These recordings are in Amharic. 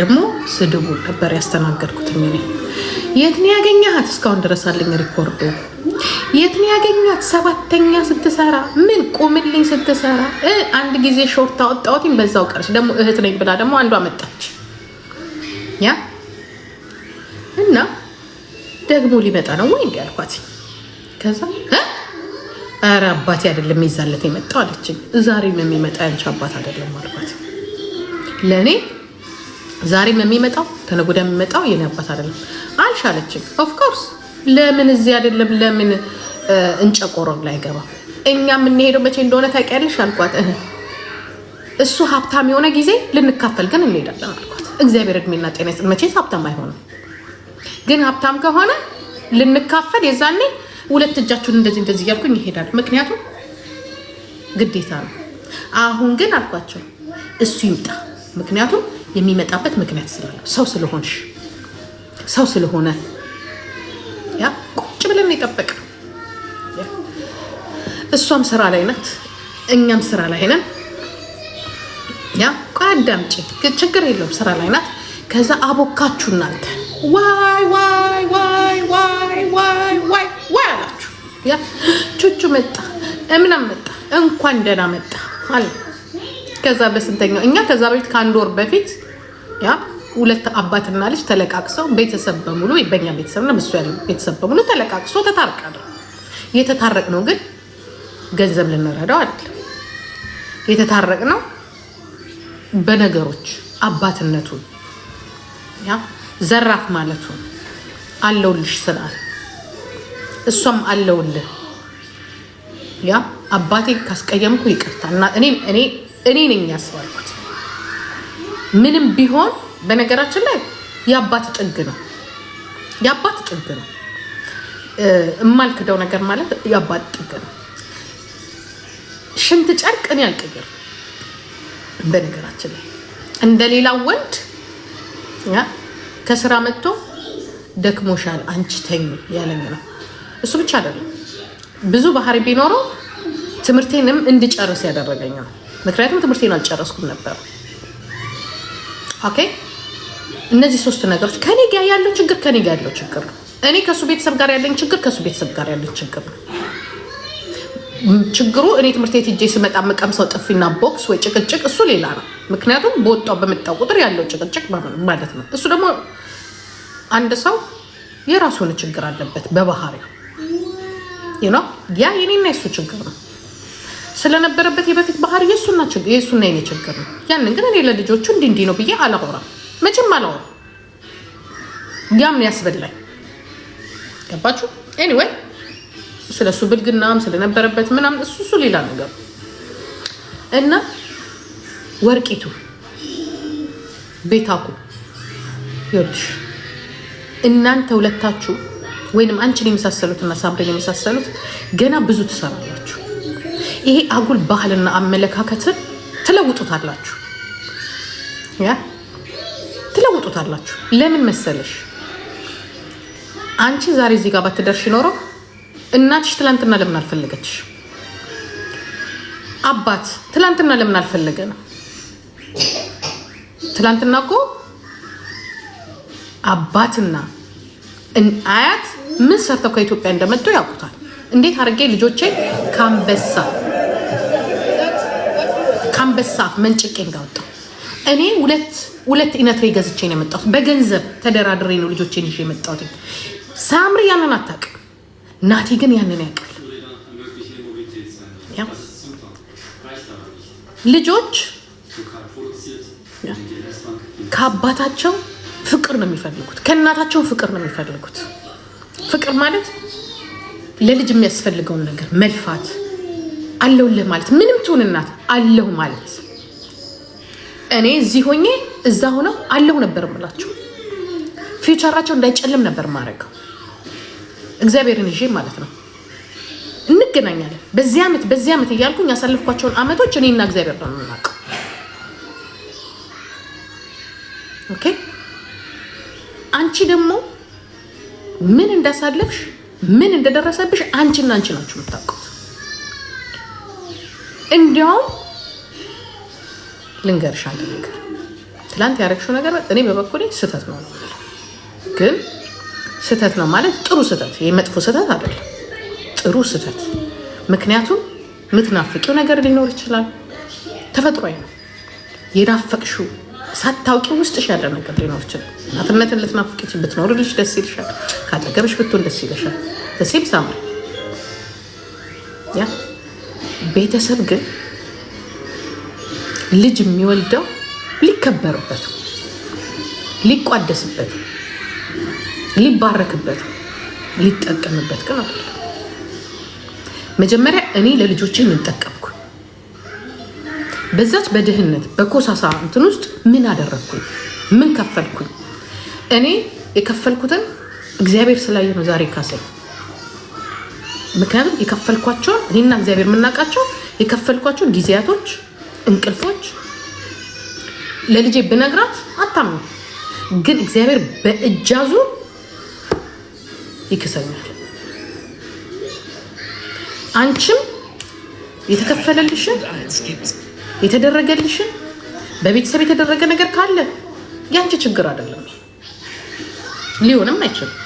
ደግሞ ስድቡ ነበር ያስተናገድኩት። እኔ የት ነው ያገኘሃት? እስካሁን ድረስ አለኝ ሪኮርዱ። የት ነው ያገኘሃት? ሰባተኛ ስትሰራ ምን ቁምልኝ ስትሰራ አንድ ጊዜ ሾርት አወጣሁትኝ፣ በዛው ቀረች። ደግሞ እህት ነኝ ብላ ደግሞ አንዷ መጣች። ያ እና ደግሞ ሊመጣ ነው ወይ እንዲህ ከዛ ኧረ አባቴ አይደለም ይዛለት የመጣው አለችኝ። ዛሬም የሚመጣ ያንቺ አባት አይደለም አልኳት ለእኔ ዛሬም የሚመጣው ተነገ ወዲያ የሚመጣው የኔ አባት አይደለም አልሻለችም። ኦፍኮርስ ለምን እዚህ አይደለም ለምን እንጨቆሮም ላይ ገባ። እኛ የምንሄደው መቼ እንደሆነ ታውቂያለሽ አልኳት። እሱ ሀብታም የሆነ ጊዜ ልንካፈል ግን እንሄዳለን አልኳት። እግዚአብሔር እድሜና ጤና ይስጥ። መቼስ ሀብታም አይሆንም፣ ግን ሀብታም ከሆነ ልንካፈል የዛኔ ሁለት እጃችሁን እንደዚህ እንደዚህ እያልኩኝ ይሄዳል። ምክንያቱም ግዴታ ነው። አሁን ግን አልኳቸው እሱ ይምጣ ምክንያቱም የሚመጣበት ምክንያት ስላለ ሰው ስለሆንሽ ሰው ስለሆነ ያ ቁጭ ብለን የጠበቅ እሷም ስራ ላይ ናት፣ እኛም ስራ ላይ ነን። ያ አዳምጪ፣ ችግር የለውም ስራ ላይ ናት። ከዛ አቦካችሁ እናንተ ዋይ ዋይ ዋይ ዋይ ዋይ ዋይ ዋይ አላችሁ። ያ ቹቹ መጣ፣ እምናም መጣ፣ እንኳን ደህና መጣ አለ። ከዛ በስንተኛው እኛ ከዛ በፊት ከአንድ ወር በፊት ያ ሁለት አባትና ልጅ ተለቃቅሰው ቤተሰብ በሙሉ በኛ ቤተሰብ ነው እሱ ያለ ቤተሰብ በሙሉ ተለቃቅሶ የተታረቅ ነው ግን ገንዘብ ልንረዳው የተታረቅ ነው በነገሮች አባትነቱን ያ ዘራፍ ማለቱ አለውልሽ ስላል እሷም አለውልህ ያ አባቴ ካስቀየምኩ ይቅርታ እና እኔ እኔ ነኝ ያስባልኩት ምንም ቢሆን በነገራችን ላይ የአባት ጥግ ነው፣ የአባት ጥግ ነው። እማልክደው ነገር ማለት የአባት ጥግ ነው። ሽንት ጨርቅ እኔ አልቀይርም። በነገራችን ላይ እንደ ወንድ ከስራ መጥቶ ደክሞሻል አንቺ ተኝ ያለኝ ነው። እሱ ብቻ አይደለም፣ ብዙ ባህሪ ቢኖረው ትምህርቴንም እንድጨርስ ያደረገኝ ነው። ምክንያቱም ትምህርቴን አልጨረስኩም ነበር። ኦኬ እነዚህ ሶስት ነገሮች ከኔ ጋር ያለው ችግር ከኔ ጋር ያለው ችግር ነው። እኔ ከእሱ ቤተሰብ ጋር ያለኝ ችግር ከእሱ ቤተሰብ ጋር ያለኝ ችግር ነው። ችግሩ እኔ ትምህርት ቤት ሂጄ ስመጣ የምቀምሰው ጥፊና ቦክስ ወይ ጭቅጭቅ እሱ ሌላ ነው። ምክንያቱም በወጣው በመጣው ቁጥር ያለው ጭቅጭቅ ማለት ነው። እሱ ደግሞ አንድ ሰው የራሱ ሆነ ችግር አለበት በባህሪው። ያ የኔና የሱ ችግር ነው። ስለነበረበት የበፊት ባህሪ የሱና ችግር የኔ ችግር ነው። ያንን ግን እኔ ለልጆቹ እንዲህ እንዲህ ነው ብዬ አላወራም፣ መቼም አላወራም። ያም ያስበላኝ ገባችሁ። ኤኒዌይ ስለ እሱ ብልግናም ስለነበረበት ምናምን እሱ እሱ ሌላ ነገር እና ወርቂቱ ቤታኩ ይወድሽ እናንተ ሁለታችሁ ወይንም አንቺን የመሳሰሉት እና የመሳሰሉት ገና ብዙ ትሰራላችሁ። ይሄ አጉል ባህልና አመለካከትን ትለውጡታላችሁ ትለውጡታላችሁ። ለምን መሰለሽ አንቺ ዛሬ እዚህ ጋር ባትደርሽ ኖሮ እናትሽ ትላንትና ለምን አልፈለገችሽ? አባት ትላንትና ለምን አልፈለገ ነው? ትላንትና እኮ አባትና አያት ምን ሰርተው ከኢትዮጵያ እንደመጡ ያውቁታል። እንዴት አድርጌ ልጆቼ ከአንበሳ ከአንበሳ መንጭቄን ጋር እኔ ሁለት ሁለት ኢነትሬ ገዝቼ ነው የመጣሁት። በገንዘብ ተደራድሬ ነው ልጆቼን ይዤ የመጣሁት። ሳምሪ ያንን አታውቅም፣ ናቲ ግን ያንን ያውቃል። ልጆች ከአባታቸው ፍቅር ነው የሚፈልጉት፣ ከእናታቸው ፍቅር ነው የሚፈልጉት። ፍቅር ማለት ለልጅ የሚያስፈልገውን ነገር መልፋት አለሁልህ ማለት ምንም ትሁን እናት አለሁ ማለት እኔ እዚህ ሆኜ እዛ ሆነው አለሁ ነበር ምላቸው ፊውቸራቸው እንዳይጨልም ነበር ማድረገው እግዚአብሔርን ይዤ ማለት ነው። እንገናኛለን በዚህ ዓመት በዚህ ዓመት እያልኩኝ ያሳለፍኳቸውን ዓመቶች እኔና እግዚአብሔር ነው የምናውቀው። ኦኬ አንቺ ደግሞ ምን እንዳሳለፍሽ ምን እንደደረሰብሽ አንቺና አንቺ ናችሁ የምታውቀው። እንዲያውም ልንገርሻ አንድ ነገር፣ ትላንት ያደረግሽው ነገር እኔ በበኩሌ ስህተት ነው ግን ስህተት ነው ማለት ጥሩ ስህተት፣ የመጥፎ ስህተት አይደለም፣ ጥሩ ስህተት። ምክንያቱም የምትናፍቂው ነገር ሊኖር ይችላል፣ ተፈጥሮ ነው። የናፈቅሽው ሳታውቂ ውስጥሽ ያለ ነገር ሊኖር ይችላል። እናትነትን ብትኖር ብትኖርልሽ ደስ ይልሻል፣ ካጠገብሽ ብትሆን ደስ ይልሻል። ሴም ያ ቤተሰብ ግን ልጅ የሚወልደው ሊከበርበት፣ ሊቋደስበት፣ ሊባረክበት፣ ሊጠቀምበት ግን አለ። መጀመሪያ እኔ ለልጆች ምን ጠቀምኩ? በዛች በድህነት በኮሳሳ እንትን ውስጥ ምን አደረግኩኝ? ምን ከፈልኩኝ? እኔ የከፈልኩትን እግዚአብሔር ስላየ ነው ዛሬ ካሰኝ ምክንያቱም የከፈልኳቸውን እኔና እግዚአብሔር የምናውቃቸው የከፈልኳቸውን ጊዜያቶች፣ እንቅልፎች ለልጄ ብነግራት አታምነው፣ ግን እግዚአብሔር በእጃዙ ይክሰኛል። አንቺም የተከፈለልሽን የተደረገልሽን በቤተሰብ የተደረገ ነገር ካለ ያንቺ ችግር አይደለም፣ ሊሆንም አይችልም።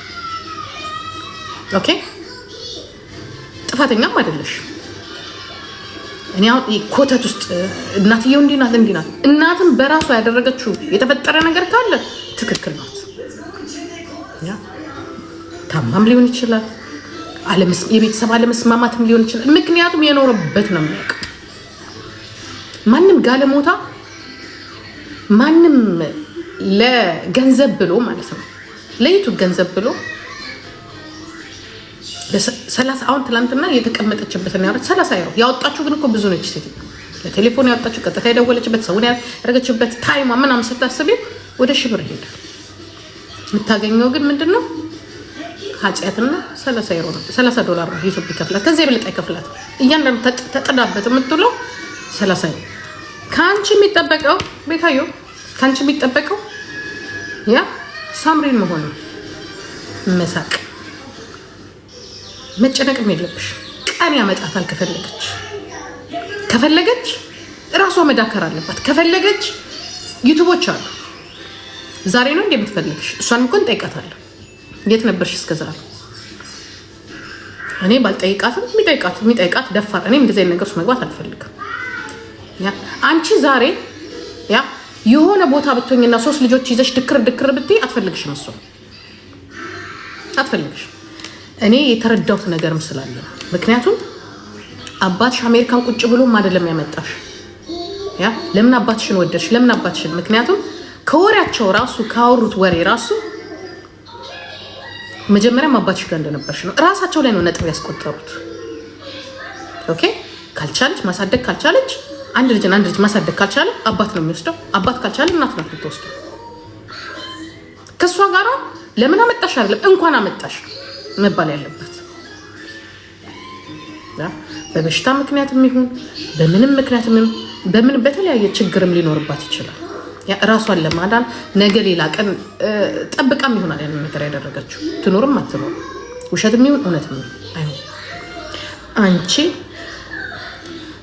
ኦኬ ጥፋተኛም አይደለሽ። እኔ አሁን ኮተት ውስጥ እናትየው እንዲህ ናት እንዲህ ናት። እናትም በራሷ ያደረገችው የተፈጠረ ነገር ካለ ትክክል ናት። ታማም ሊሆን ይችላል፣ የቤተሰብ አለመስማማትም ሊሆን ይችላል። ምክንያቱም የኖረበት ነው የሚያውቅ። ማንም ጋለሞታ ማንም ለገንዘብ ብሎ ማለት ነው ለይቱ ገንዘብ ብሎ ሰላሳ አሁን ትላንትና የተቀመጠችበትን ያወራች ሰላሳ ዩሮ ያወጣችሁ ግን እኮ ብዙ ነች ሴት ለቴሌፎን ያወጣችሁ ቀጥታ የደወለችበት ሰውን ያደረገችበት ታይማ ምናምን ስታስቢ ወደ ሺህ ብር ይሄዳል። የምታገኘው ግን ምንድን ነው? ኃጢአትና ሰላሳ ሰላሳ ዶላር ነው ኢትዮጵያ ይከፍላት። ከዚያ የበለጠ አይከፍላት። እያንዳንዱ ተጠዳበት የምትውለው ሰላሳ ዩሮ ከአንቺ የሚጠበቀው ቤታዮ ከአንቺ የሚጠበቀው ያ ሳምሪን መሆን መሳቅ መጨነቅም የለብሽ። ቀን ያመጣታል። ከፈለገች ከፈለገች እራሷ መዳከር አለባት። ከፈለገች ዩቱቦች አሉ። ዛሬ ነው እንደ የምትፈልግሽ። እሷን እኮ እንጠይቃታለን። የት ነበርሽ እስከዛሬ? እኔ ባልጠይቃትም የሚጠይቃት የሚጠይቃት ደፋር። እኔ እንደዚህ ነገር ውስጥ መግባት አልፈልግም። አንቺ ዛሬ ያ የሆነ ቦታ ብትሆኝና ሶስት ልጆች ይዘሽ ድክር ድክር ብትይ አትፈልግሽም፣ እሷ አትፈልግሽም። እኔ የተረዳሁት ነገር ስላለ ምክንያቱም አባትሽ አሜሪካን ቁጭ ብሎም አይደለም ያመጣሽ። ያ ለምን አባትሽን ወደድሽ? ለምን አባትሽን? ምክንያቱም ከወሬያቸው ራሱ ካወሩት ወሬ ራሱ መጀመሪያም አባትሽ ጋር እንደነበርሽ ነው። እራሳቸው ላይ ነው ነጥብ ያስቆጠሩት። ኦኬ ካልቻለች ማሳደግ ካልቻለች አንድ ልጅን አንድ ልጅ ማሳደግ ካልቻለ አባት ነው የሚወስደው። አባት ካልቻለ እናት ናት የምትወስደው። ከእሷ ጋራ ለምን አመጣሽ አይደለም እንኳን አመጣሽ መባል ያለበት በበሽታ ምክንያት የሚሆን በምንም ምክንያት በምን በተለያየ ችግርም ሊኖርባት ይችላል። ራሷን ለማዳን ነገ ሌላ ቀን ጠብቃም ይሆናል ያንን ነገር ያደረገችው ትኖርም አትኖር ውሸት የሚሆን እውነትም አንቺ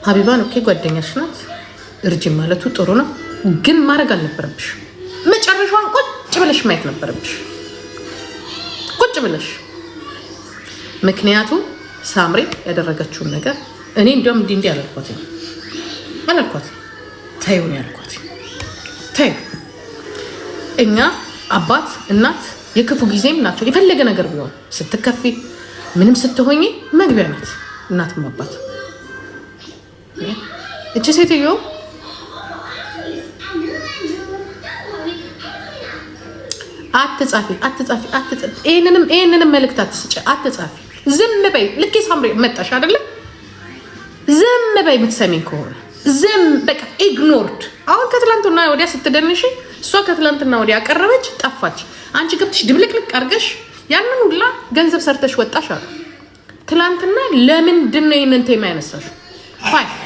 ሀቢባን ኦኬ፣ ጓደኛሽ ናት። እርጅም ማለቱ ጥሩ ነው፣ ግን ማድረግ አልነበረብሽ። መጨረሻዋን ቁጭ ብለሽ ማየት ነበረብሽ ቁጭ ብለሽ ምክንያቱም ሳምሬ ያደረገችውን ነገር እኔ እንዲያውም እንዲ እንዲህ አላልኳት አላልኳት ተይው ያልኳት። ተይው እኛ አባት እናት የክፉ ጊዜም ናቸው። የፈለገ ነገር ቢሆን ስትከፊ ምንም ስትሆኝ መግቢያ ናት እናትም አባት። እች ሴትዮ አትጻፊ፣ አትጻፊ፣ ይህንንም መልእክት አትስጭ፣ አትጻፊ ዝም በይ። ልኬ ሳምሪ መጣሽ አይደለ? ዝም በይ የምትሰሚኝ ከሆነ ዝም በቃ ኢግኖርድ። አሁን ከትላንትና ወዲያ ስትደንሽ እሷ ከትላንትና ወዲያ ቀረበች፣ ጠፋች። አንቺ ገብትሽ ድብልቅልቅ አርገሽ ያንን ሁላ ገንዘብ ሰርተሽ ወጣሽ አሉ። ትላንትና ለምንድን ነው ይህንን ቴማ ያነሳሽው?